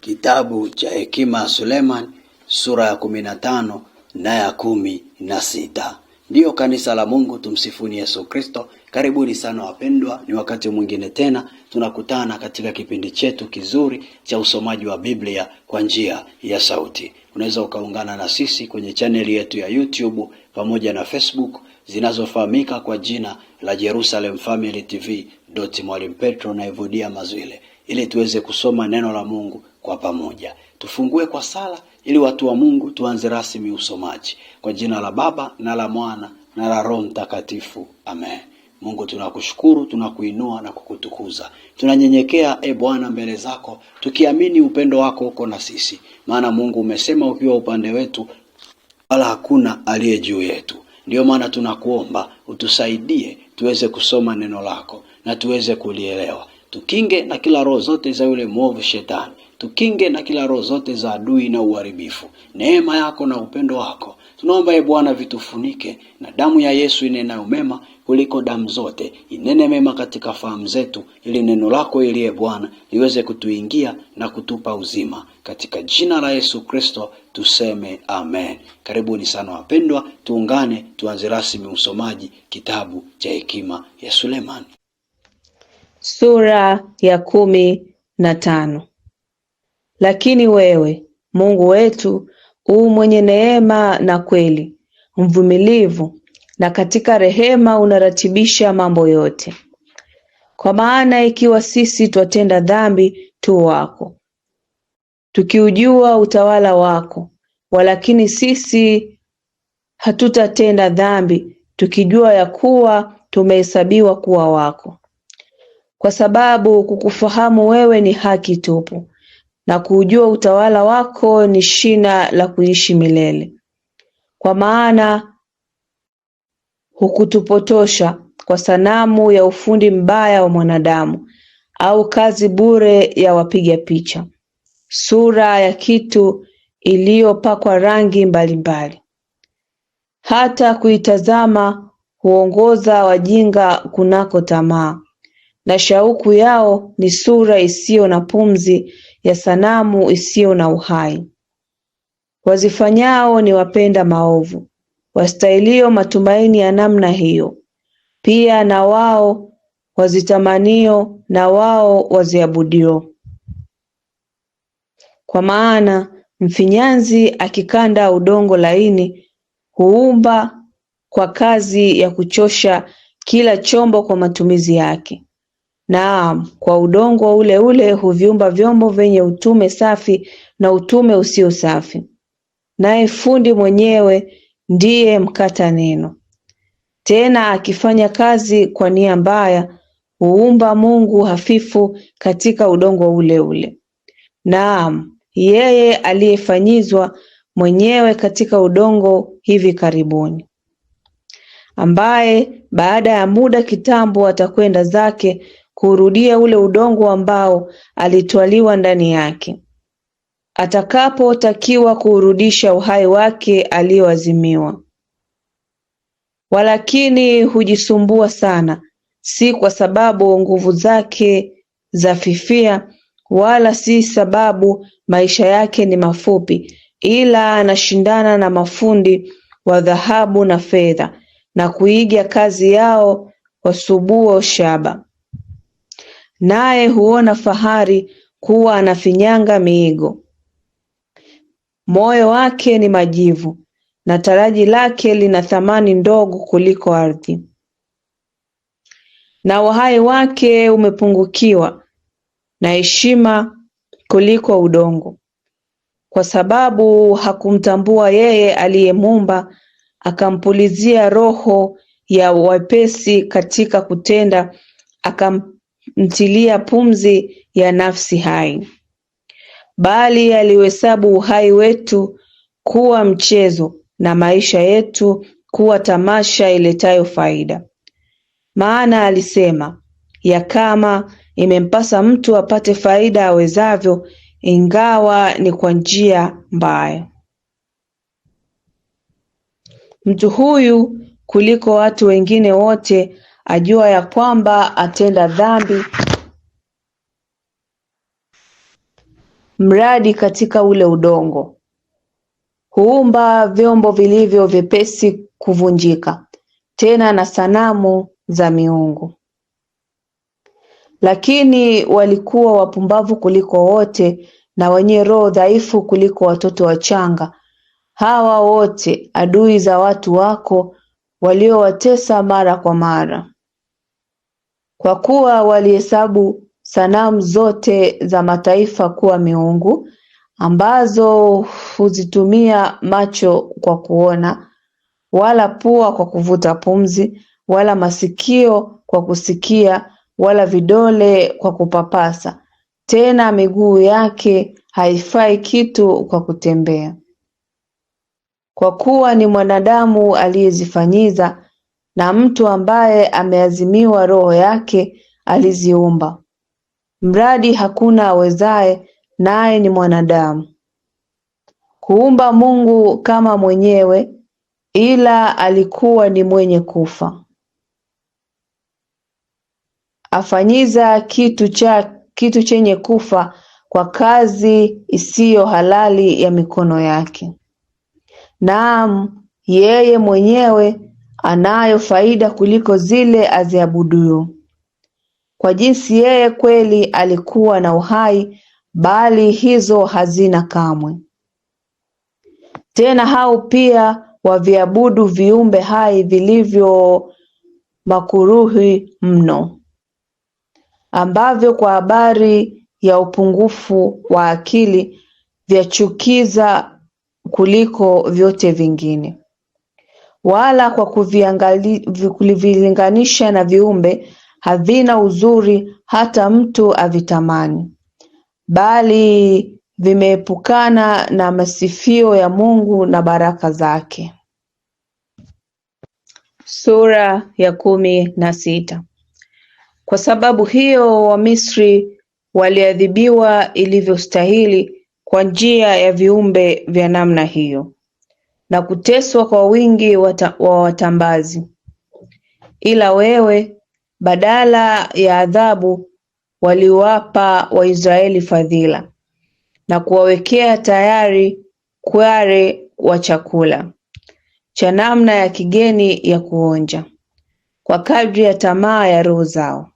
Kitabu cha Hekima ya suleman sura ya kumi na tano na ya kumi na sita. Ndiyo kanisa la Mungu, tumsifuni Yesu Kristo. Karibuni sana wapendwa, ni wakati mwingine tena tunakutana katika kipindi chetu kizuri cha usomaji wa Biblia kwa njia ya sauti. Unaweza ukaungana na sisi kwenye chaneli yetu ya YouTube pamoja na Facebook zinazofahamika kwa jina la Jerusalem Family TV. Mwalimu Petro na Evodia Mazwile ili tuweze kusoma neno la Mungu kwa pamoja. Tufungue kwa sala ili watu wa Mungu tuanze rasmi usomaji. Kwa jina la Baba na la Mwana na la Roho Mtakatifu, amen. Mungu tunakushukuru, tunakuinua na kukutukuza. Tunanyenyekea e Bwana mbele zako, tukiamini upendo wako uko na sisi, maana Mungu umesema ukiwa upande wetu wala hakuna aliye juu yetu. Ndiyo maana tunakuomba utusaidie tuweze kusoma neno lako na tuweze kulielewa tukinge na kila roho zote za yule mwovu shetani, tukinge na kila roho zote za adui na uharibifu. Neema yako na upendo wako tunaomba ye ee Bwana, vitufunike na damu ya Yesu inenayo mema kuliko damu zote, inene mema katika fahamu zetu, ili neno lako iliye ee Bwana liweze kutuingia na kutupa uzima, katika jina la Yesu Kristo tuseme amen. Karibuni sana wapendwa, tuungane tuanze rasmi usomaji kitabu cha Hekima ya Sulemani sura ya kumi na tano. Lakini wewe Mungu wetu u mwenye neema na kweli, mvumilivu na katika rehema, unaratibisha mambo yote. Kwa maana ikiwa sisi twatenda dhambi tu wako, tukiujua utawala wako, walakini sisi hatutatenda dhambi, tukijua ya kuwa tumehesabiwa kuwa wako kwa sababu kukufahamu wewe ni haki tupu na kuujua utawala wako ni shina la kuishi milele, kwa maana hukutupotosha kwa sanamu ya ufundi mbaya wa mwanadamu au kazi bure ya wapiga picha, sura ya kitu iliyopakwa rangi mbalimbali. Hata kuitazama huongoza wajinga kunako tamaa, na shauku yao ni sura isiyo na pumzi ya sanamu isiyo na uhai. Wazifanyao ni wapenda maovu, wastahilio matumaini ya namna hiyo pia na wao wazitamanio, na wao waziabudio. Kwa maana mfinyanzi akikanda udongo laini huumba kwa kazi ya kuchosha kila chombo kwa matumizi yake Naam, kwa udongo ule ule huviumba vyombo vyenye utume safi na utume usio safi, naye fundi mwenyewe ndiye mkata neno. Tena akifanya kazi kwa nia mbaya huumba mungu hafifu katika udongo ule ule. Naam, yeye aliyefanyizwa mwenyewe katika udongo hivi karibuni, ambaye baada ya muda kitambo atakwenda zake kurudia ule udongo ambao alitwaliwa ndani yake atakapotakiwa kuurudisha uhai wake aliyoazimiwa Walakini hujisumbua sana, si kwa sababu nguvu zake za fifia wala si sababu maisha yake ni mafupi, ila anashindana na mafundi wa dhahabu na fedha na kuiga kazi yao wasubuo shaba naye huona fahari kuwa anafinyanga miigo. Moyo wake ni majivu na taraji lake lina thamani ndogo kuliko ardhi, na uhai wake umepungukiwa na heshima kuliko udongo, kwa sababu hakumtambua yeye aliyemumba akampulizia roho ya wepesi katika kutenda akam mtilia pumzi ya nafsi hai, bali aliuhesabu uhai wetu kuwa mchezo na maisha yetu kuwa tamasha iletayo faida. Maana alisema ya kama imempasa mtu apate faida awezavyo, ingawa ni kwa njia mbaya. Mtu huyu kuliko watu wengine wote ajua ya kwamba atenda dhambi mradi katika ule udongo. Huumba vyombo vilivyo vyepesi kuvunjika, tena na sanamu za miungu. Lakini walikuwa wapumbavu kuliko wote, na wenye roho dhaifu kuliko watoto wachanga. Hawa wote adui za watu wako, waliowatesa mara kwa mara. Kwa kuwa walihesabu sanamu zote za mataifa kuwa miungu, ambazo huzitumia macho kwa kuona, wala pua kwa kuvuta pumzi, wala masikio kwa kusikia, wala vidole kwa kupapasa; tena miguu yake haifai kitu kwa kutembea, kwa kuwa ni mwanadamu aliyezifanyiza na mtu ambaye ameazimiwa roho yake aliziumba mradi hakuna awezaye naye ni mwanadamu. Kuumba Mungu kama mwenyewe ila alikuwa ni mwenye kufa. Afanyiza kitu cha kitu chenye kufa kwa kazi isiyo halali ya mikono yake. Naam, yeye mwenyewe anayo faida kuliko zile aziabuduyo kwa jinsi yeye kweli alikuwa na uhai bali hizo hazina kamwe. Tena hao pia waviabudu viumbe hai vilivyo makuruhi mno, ambavyo kwa habari ya upungufu wa akili vyachukiza kuliko vyote vingine wala kwa kuvilinganisha na viumbe havina uzuri hata mtu avitamani bali vimeepukana na masifio ya Mungu na baraka zake. Sura ya kumi na sita. Kwa sababu hiyo Wamisri waliadhibiwa ilivyostahili kwa njia ya viumbe vya namna hiyo na kuteswa kwa wingi wa watambazi ila wewe badala ya adhabu waliwapa Waisraeli fadhila na kuwawekea tayari kware wa chakula cha namna ya kigeni ya kuonja kwa kadri ya tamaa ya roho zao,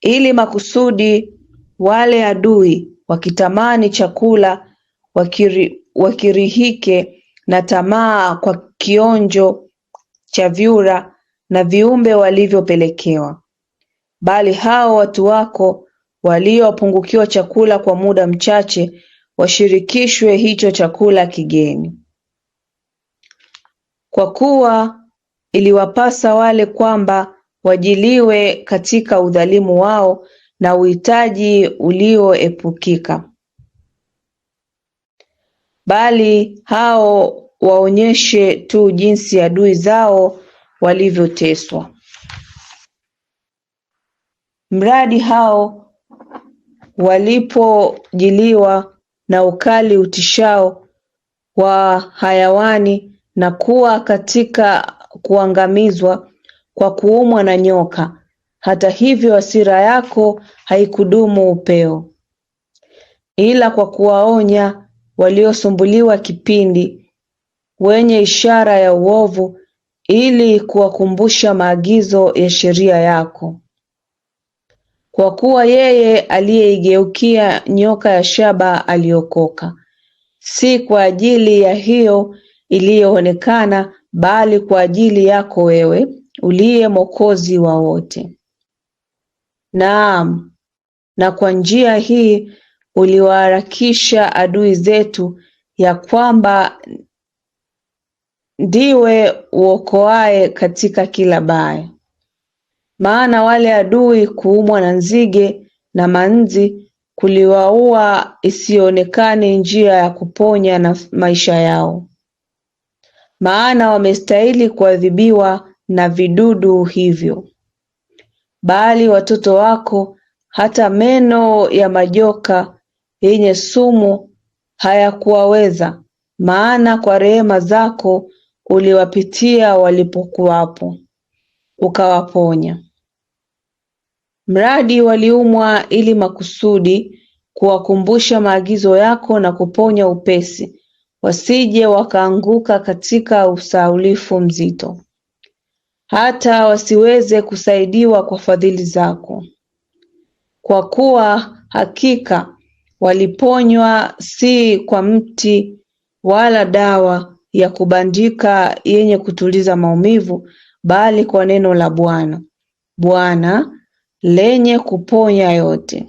ili makusudi wale adui wakitamani chakula wakiri, wakirihike na tamaa kwa kionjo cha vyura na viumbe walivyopelekewa bali hao watu wako waliopungukiwa chakula kwa muda mchache washirikishwe hicho chakula kigeni kwa kuwa iliwapasa wale kwamba wajiliwe katika udhalimu wao na uhitaji ulioepukika bali hao waonyeshe tu jinsi adui zao walivyoteswa mradi hao walipojiliwa na ukali utishao wa hayawani na kuwa katika kuangamizwa kwa kuumwa na nyoka. Hata hivyo hasira yako haikudumu upeo, ila kwa kuwaonya waliosumbuliwa kipindi, wenye ishara ya uovu ili kuwakumbusha maagizo ya sheria yako. Kwa kuwa yeye aliyeigeukia nyoka ya shaba aliokoka, si kwa ajili ya hiyo iliyoonekana, bali kwa ajili yako wewe uliye Mwokozi wa wote. Naam, na kwa njia hii uliwaharakisha adui zetu ya kwamba ndiwe uokoaye katika kila baya. Maana wale adui kuumwa na nzige na manzi kuliwaua isionekane njia ya kuponya na maisha yao, maana wamestahili kuadhibiwa na vidudu hivyo. Bali watoto wako hata meno ya majoka yenye sumu hayakuwaweza maana kwa rehema zako uliwapitia walipokuwapo ukawaponya mradi waliumwa ili makusudi kuwakumbusha maagizo yako na kuponya upesi wasije wakaanguka katika usaulifu mzito hata wasiweze kusaidiwa kwa fadhili zako kwa kuwa hakika Waliponywa si kwa mti wala dawa ya kubandika yenye kutuliza maumivu bali kwa neno la Bwana, Bwana lenye kuponya yote.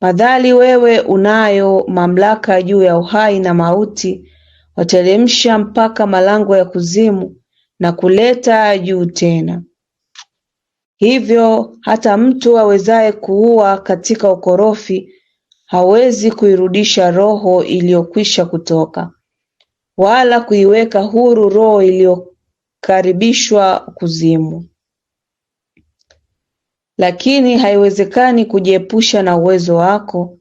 Madhali wewe unayo mamlaka juu ya uhai na mauti, wateremsha mpaka malango ya kuzimu na kuleta juu tena. Hivyo hata mtu awezaye kuua katika ukorofi hawezi kuirudisha roho iliyokwisha kutoka wala kuiweka huru roho iliyokaribishwa kuzimu lakini haiwezekani kujiepusha na uwezo wako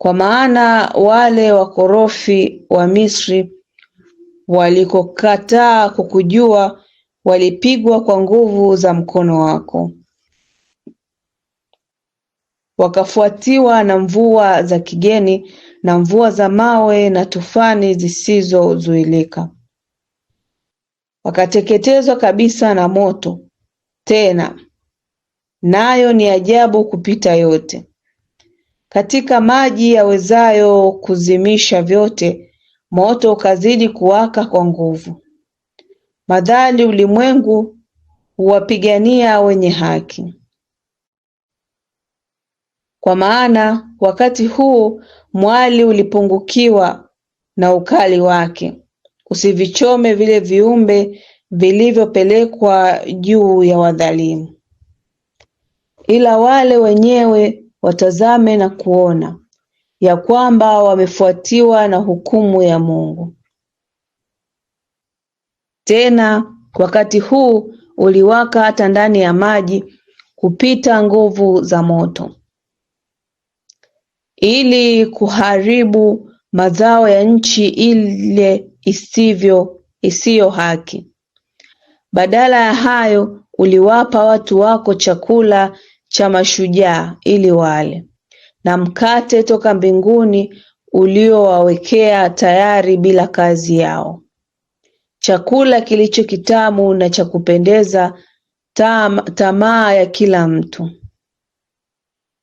kwa maana wale wakorofi wa Misri walikokataa kukujua walipigwa kwa nguvu za mkono wako wakafuatiwa na mvua za kigeni na mvua za mawe na tufani zisizozuilika wakateketezwa kabisa na moto tena nayo ni ajabu kupita yote katika maji yawezayo kuzimisha vyote, moto ukazidi kuwaka kwa nguvu, madhali ulimwengu huwapigania wenye haki kwa maana wakati huu mwali ulipungukiwa na ukali wake. Usivichome vile viumbe vilivyopelekwa juu ya wadhalimu, ila wale wenyewe watazame na kuona ya kwamba wamefuatiwa na hukumu ya Mungu. Tena wakati huu uliwaka hata ndani ya maji kupita nguvu za moto ili kuharibu mazao ya nchi ile isiyo haki badala ya hayo uliwapa watu wako chakula cha mashujaa ili wale na mkate toka mbinguni uliowawekea tayari bila kazi yao chakula kilicho kitamu na cha kupendeza tam, tamaa ya kila mtu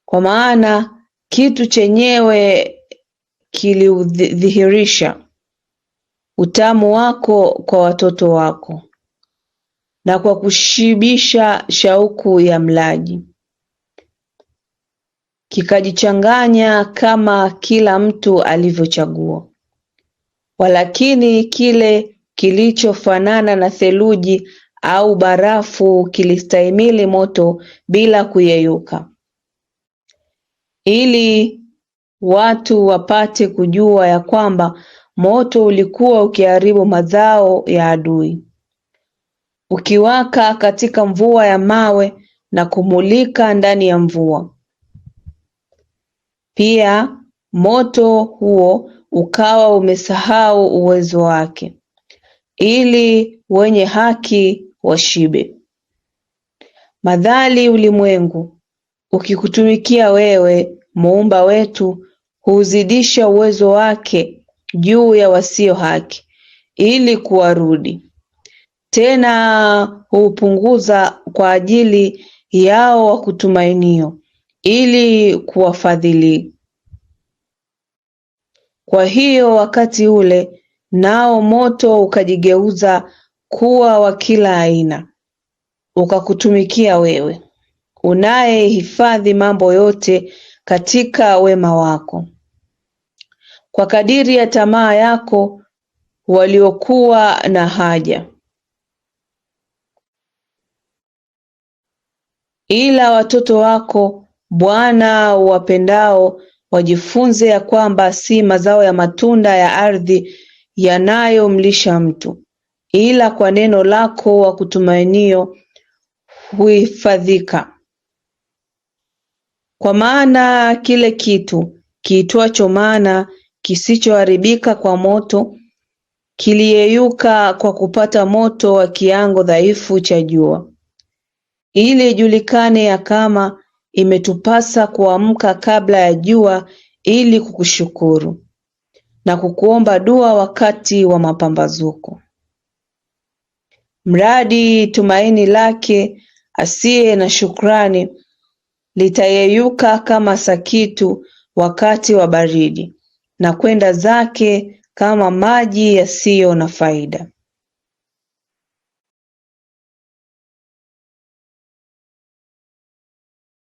kwa maana kitu chenyewe kiliudhihirisha utamu wako kwa watoto wako na kwa kushibisha shauku ya mlaji kikajichanganya kama kila mtu alivyochagua, walakini kile kilichofanana na theluji au barafu kilistahimili moto bila kuyeyuka ili watu wapate kujua ya kwamba moto ulikuwa ukiharibu mazao ya adui ukiwaka katika mvua ya mawe na kumulika ndani ya mvua. Pia moto huo ukawa umesahau uwezo wake ili wenye haki washibe. Madhali ulimwengu ukikutumikia wewe muumba wetu huuzidisha uwezo wake juu ya wasio haki ili kuwarudi tena huupunguza kwa ajili yao wakutumainio ili kuwafadhili. Kwa hiyo wakati ule nao moto ukajigeuza kuwa wa kila aina, ukakutumikia wewe unayehifadhi mambo yote katika wema wako, kwa kadiri ya tamaa yako waliokuwa na haja, ila watoto wako Bwana wapendao wajifunze ya kwamba si mazao ya matunda ya ardhi yanayomlisha mtu, ila kwa neno lako wa kutumainio huhifadhika. Kwa maana kile kitu kiitwacho mana kisichoharibika kwa moto kiliyeyuka kwa kupata moto wa kiango dhaifu cha jua, ili ijulikane ya kama imetupasa kuamka kabla ya jua ili kukushukuru na kukuomba dua wakati wa mapambazuko, mradi tumaini lake asiye na shukrani litayeyuka kama sakitu wakati wa baridi na kwenda zake kama maji yasiyo na faida